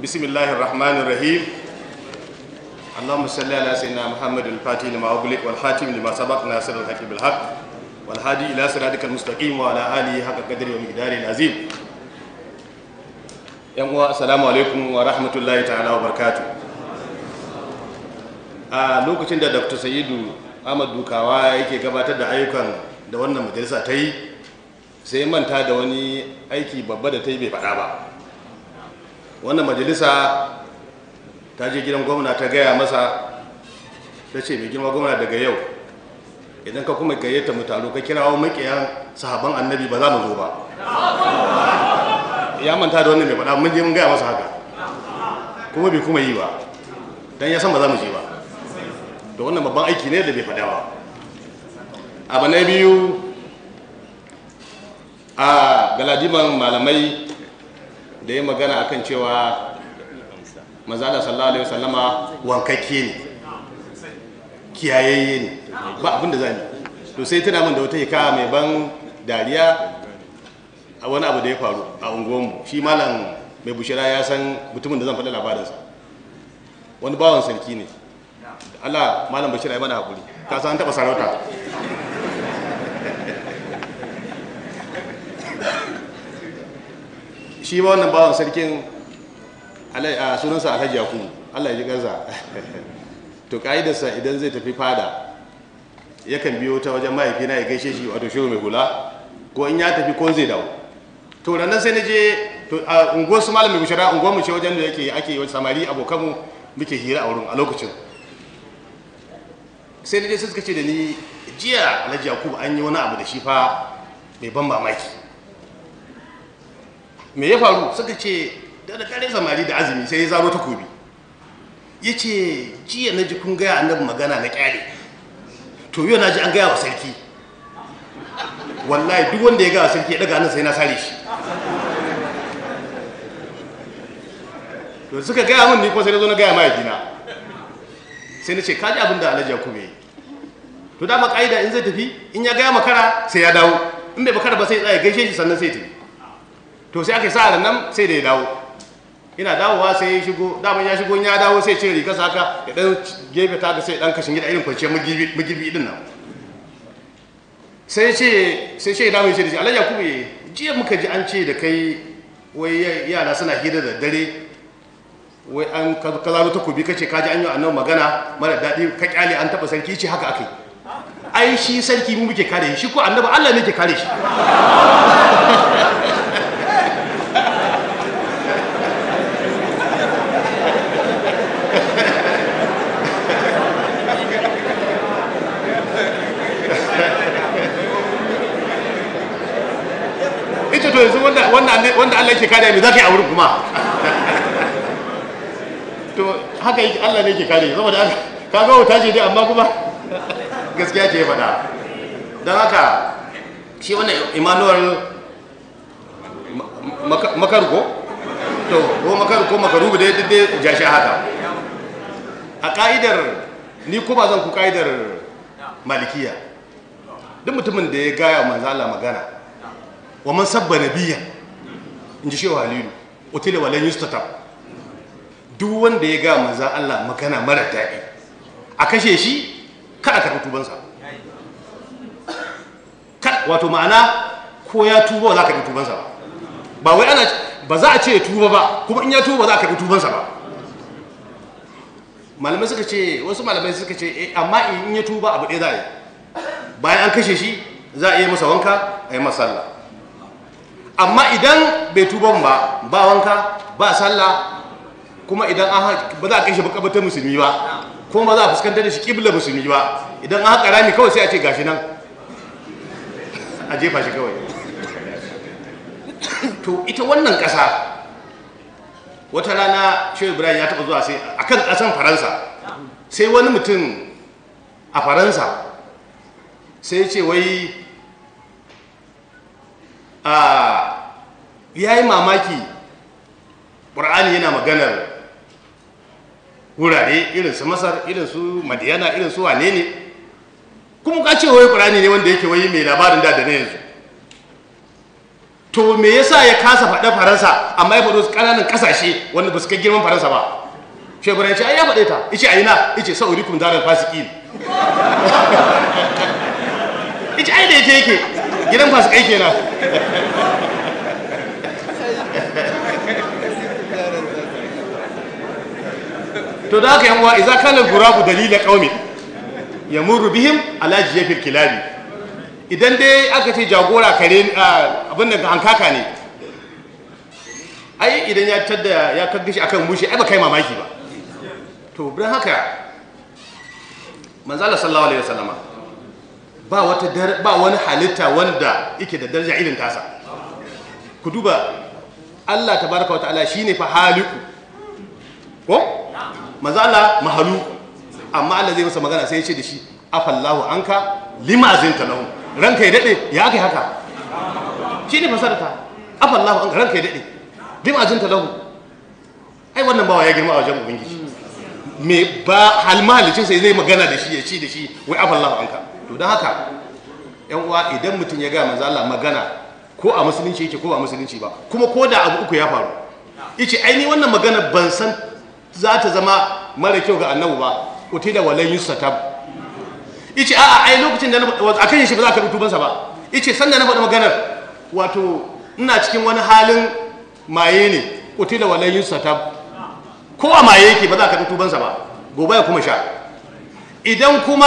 بسم الله الرحمن الرحيم اللهم صل على سيدنا محمد الفاتح لما أغلق والخاتم لما سبق ناصر الحق بالحق والهادي إلى صراطك المستقيم وعلى آله حق قدره ومقداره العظيم يوم السلام عليكم ورحمة الله تعالى وبركاته a lokacin da dr sayidu ahmad dukawa yake gabatar da ayyukan da wannan majalisa ta yi sai manta da wani aiki wannan majalisa ta je gidan gwamna ta gaya masa ta ce mai girma gwamna daga yau idan ka kuma gayyata mu taro ka kirawo makiyan sahaban annabi ba za mu zo ba ya manta da wannan mai faɗa mun je mun gaya masa haka kuma bai kuma yi ba dan ya san ba za mu je ba da wannan babban aiki ne da bai faɗa ba abu na biyu a galadiman malamai da ya magana akan cewa mazala sallallahu alaihi wasallama wankakke ne kiyayayye ne ba abin da zani to sai tana min da wata hikaya mai ban dariya a wani abu da ya faru a unguwanmu shi malam mai bushira ya san mutumin da zan faɗi labarinsa wani bawan sarki ne Allah malam bashir ya mana hakuri ka san taɓa sarauta shi ma wannan bawan sarkin a sunansa alhaji yakubu allah ya ji kansa to ka'idarsa idan zai tafi fada yakan biyo ta wajen mahaifina ya gaishe shi wato shehu mai hula ko in ya tafi ko zai dawo to nan sai na je a unguwar su malam mai bushara unguwar mu ce wajen da yake ake wani samari mu muke hira a wurin a lokacin sai na je sai suka ce da ni jiya alhaji yakubu an yi wani abu da shi fa mai ban mamaki me ya faru suka ce da kare samari da azumi sai ya zaro takobi ya ce jiya na ji kun gaya annabi magana na kyale to yau na ji an gaya wa sarki wallahi duk wanda ya gaya wa sarki ya daga nan sai na sare shi to suka gaya min ni ko sai na zo na gaya mahaifina sai na ce ka ji abin da alhaji yakubu ya yi to dama ka'ida in zai tafi in ya gaya makara sai ya dawo in bai makara ba sai ya tsaya gaishe shi sannan sai ya tafi to sai aka sa nan sai da ya dawo ina dawowa sai ya shigo daman ya shigo ya dawo sai cin rigarsa haka ya dan gefe ta ga sai dan kashin gida irin kwanciyar magibi din nan sai ce sai shi dawo ce da shi Allah Yakubu jiya muka ji an ce da kai wai yara suna hira da dare wai an kazaro takobi kace kaji an yi annabi magana mara daɗi ka kyale an taɓa sarki ce haka akai ai shi sarki mu muke kare shi ko annabi Allah ne ke kare shi wanda Allah yake kare me zaka yi a wurin kuma to haka yake Allah ne yake kare saboda kaga wuta ce dai amma kuma gaskiya ce fada don haka shi wannan Emmanuel makarko to ko makarko makarubu dai dai jashi haka a ka'idar ni kuma zan ku ka'idar malikiya duk mutumin da ya gaya manzala magana wa man sabba nabiyyan in ji shehu halilu wa walan yustata duk wanda ya ga manza Allah magana mara daɗi a kashe shi a ka tubansa wato ma'ana ko ya tuba za ka ɗi tubansa ba ba wai ana ba za a ce ya tuba ba kuma in ya tuba za ka ɗi tubansa ba malamai suka ce wasu malamai suka ce eh, amma in ya tuba abu ɗaya za a yi bayan an kashe shi za a iya masa wanka a yi masa sallah amma idan bai tuban ba ba wanka ba sallah kuma idan an ba za a kai shi ta musulmi ba kuma ba za a fuskantar da shi kibla musulmi ba idan an haka rami kawai sai a ce gashi nan a jefa shi kawai to ita wannan kasa wata rana shehu ibrahim ya taba zuwa sai a kan ƙasan faransa sai wani mutum a faransa sai ce wai a ah, ya yi mamaki ƙur'ani yana maganar wurare irin su masar irin su madiyana irin su wane ne kuma ka ce wai ƙur'ani ne wanda yake wai mai labarin da da na yanzu to me yasa ya kasa faɗa faransa amma ya faɗo ƙananan ƙasashe wanda ba su kai girman faransa ba sheburan ce ai ya faɗe ta ice a ina ice sa'urikum darar fasikin ice ai da yake yake gidan fasikai kenan to da haka yan wa idza kana gurabu dalila qaumi yamurru bihim ala jiyafil kilabi idan dai aka ce jagora kare abin da hankaka ne ai idan ya tadda ya kaggashi akan mushi ai ba kai mamaki ba to don haka manzala sallallahu alaihi wasallama ba wata ba wani halitta wanda yake da daraja irin tasa ku duba Allah tabaraka wa ta'ala shine fa haliku ko mazala mahalu amma Allah zai masa magana sai ya ce da shi afallahu anka lima zinta lahu ranka ya dade ya kai haka shine fasarta afallahu anka ranka ya dade lima zinta lahu ai wannan bawa ya girma a wajen ubangiji me ba halmahalicin sai zai magana da shi ya ci da shi wai afallahu anka to don haka yan uwa idan mutum ya ga manzo Allah magana ko a musulunci yake ko ba musulunci ba kuma ko da abu uku ya faru yace ai ni wannan magana ban san za ta zama mara kyau ga annabu ba kuti da walan yusatab ice a'a ai lokacin da na a yi shi ba za ka rutu bansa ba ice sanda na faɗi maganar wato ina cikin wani halin maye ne kuti da walan yusatab ko a maye yake ba za ka rutu bansa ba gobe ya kuma sha idan kuma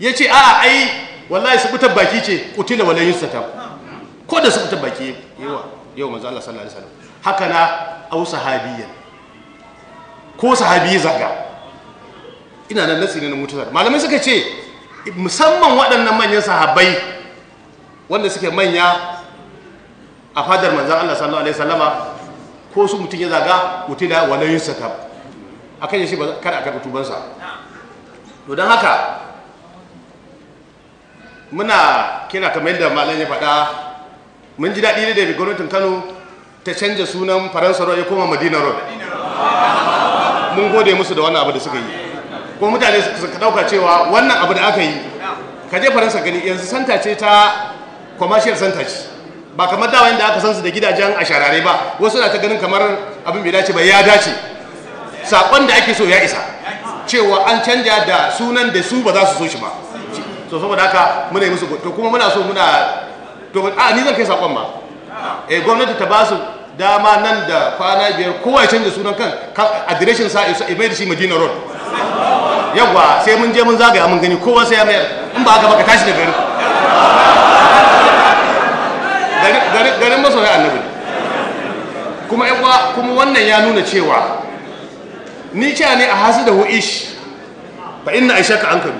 ya ce a'a ai wallahi su fitar baki ce kuti da walan yusatab ko da su fitar baki yawa yau manzo Allah sallallahu alaihi wasallam haka na au sahabiyyan ko sahabi ya zaga ina nan nasi ne na mutazar malamai suka ce musamman waɗannan manyan sahabbai wanda suke manya a fadar manzan Allah sallallahu alaihi salama ko su mutum ya zaga yin wala a kan yashi ba kada aka tubansa to don haka muna kira kamar yadda malamai ya faɗa mun ji daɗi ne da gwamnatin kano ta canja sunan faransa road ya koma madina road mun gode musu da wannan abu da suka yi kuma mutane suka dauka cewa wannan abu da aka yi ka je faransa gani yanzu santa ce ta commercial santa ce ba kamar dawa yadda aka san su da gidajen a sharare ba wasu na ta ganin kamar abin bai dace ba ya dace sakon da ake so ya isa cewa an canja da sunan da su ba za su so shi ba so saboda haka muna yi musu to kuma muna so muna to a ni zan kai sakon ma eh gwamnati ta ba su dama nan da kwana biyar kowa ya canza sunan kan adireshin sa ya mai da shi madina road yawwa sai mun je mun zagaya mun gani kowa sai ya mayar in ba haka baka tashi da garin garin masoya annabi kuma yawwa kuma wannan ya nuna cewa ni cewa ne a hasu da hu'ish ba inna aishaka an kabi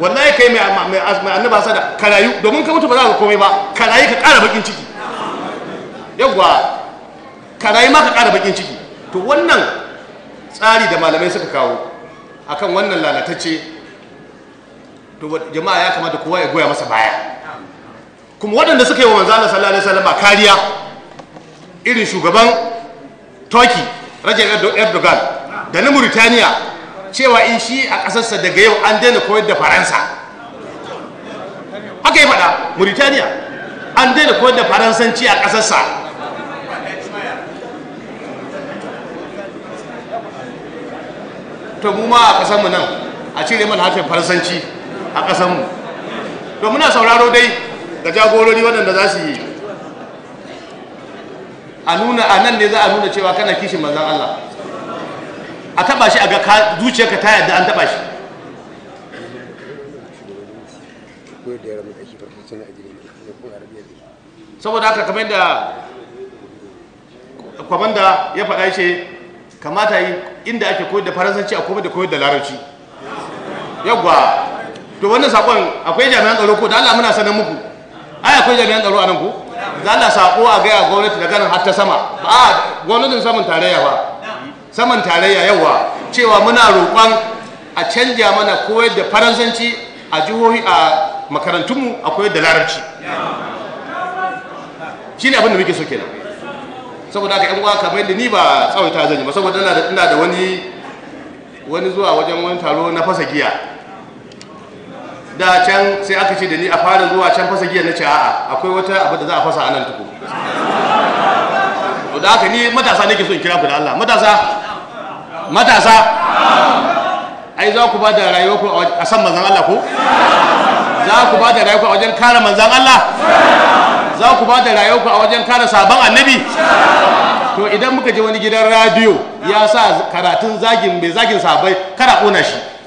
wallahi kai mai annaba sada karayu domin ka mutu ba za ka komai ba karayi ka kara bakin ciki yawwa ka yi ma ka ƙara bakin ciki to wannan tsari da malamai suka kawo akan wannan lalatacce to jama'a ya kamata kowa ya goya masa baya kuma waɗanda suka yi wa manzana sallallahu alaihi wasallam kariya irin shugaban turkey rajin erdogan da na murtaniya cewa in shi a ƙasarsa daga yau an daina koyar da faransa haka yi faɗa murtaniya an daina koyar da faransanci a ƙasarsa to mu ma a mu nan a cire mana harshen faransanci a mu, to muna sauraro dai ga jagorori waɗanda za su yi a nuna a nan ne za a nuna cewa kana kishin manzan Allah a taɓa shi a ga zuciyarka ta yadda an taɓa shi saboda haka kamar da kwamanda ya faɗa ce kamata yi inda ake koyar da faransanci a kuma da koyar da larabci yawwa to wannan sakon akwai jami'an tsaro ko da Allah muna sanar muku ai akwai jami'an tsaro a nan ko da Allah sako a gaya gwamnati da ganin har ta sama ba gwamnatin saman tarayya ba saman tarayya yawa cewa muna roƙon a canja mana koyar da faransanci a jihohi a makarantunmu a koyar da larabci shi ne abin da muke so kenan saboda ka yan uwa kamar da ni ba tsawaita zan yi ba saboda ina da wani wani zuwa wajen wani taro na fasa giya da can sai aka ce da ni a fara zuwa can fasa giya na ce a'a akwai wata abu da za a fasa anan tuku da haka ni matasa nake so in kira ku da Allah matasa matasa ai za ku ba da rayuwa ku a san manzan Allah ko za ku ba da rayuwa ku a wajen kare manzan Allah za ku ba da rayuwarku a wajen kare sabon annabi to idan muka je wani gidan radiyo ya sa karatun zagin mai zagin sabai kara ƙona shi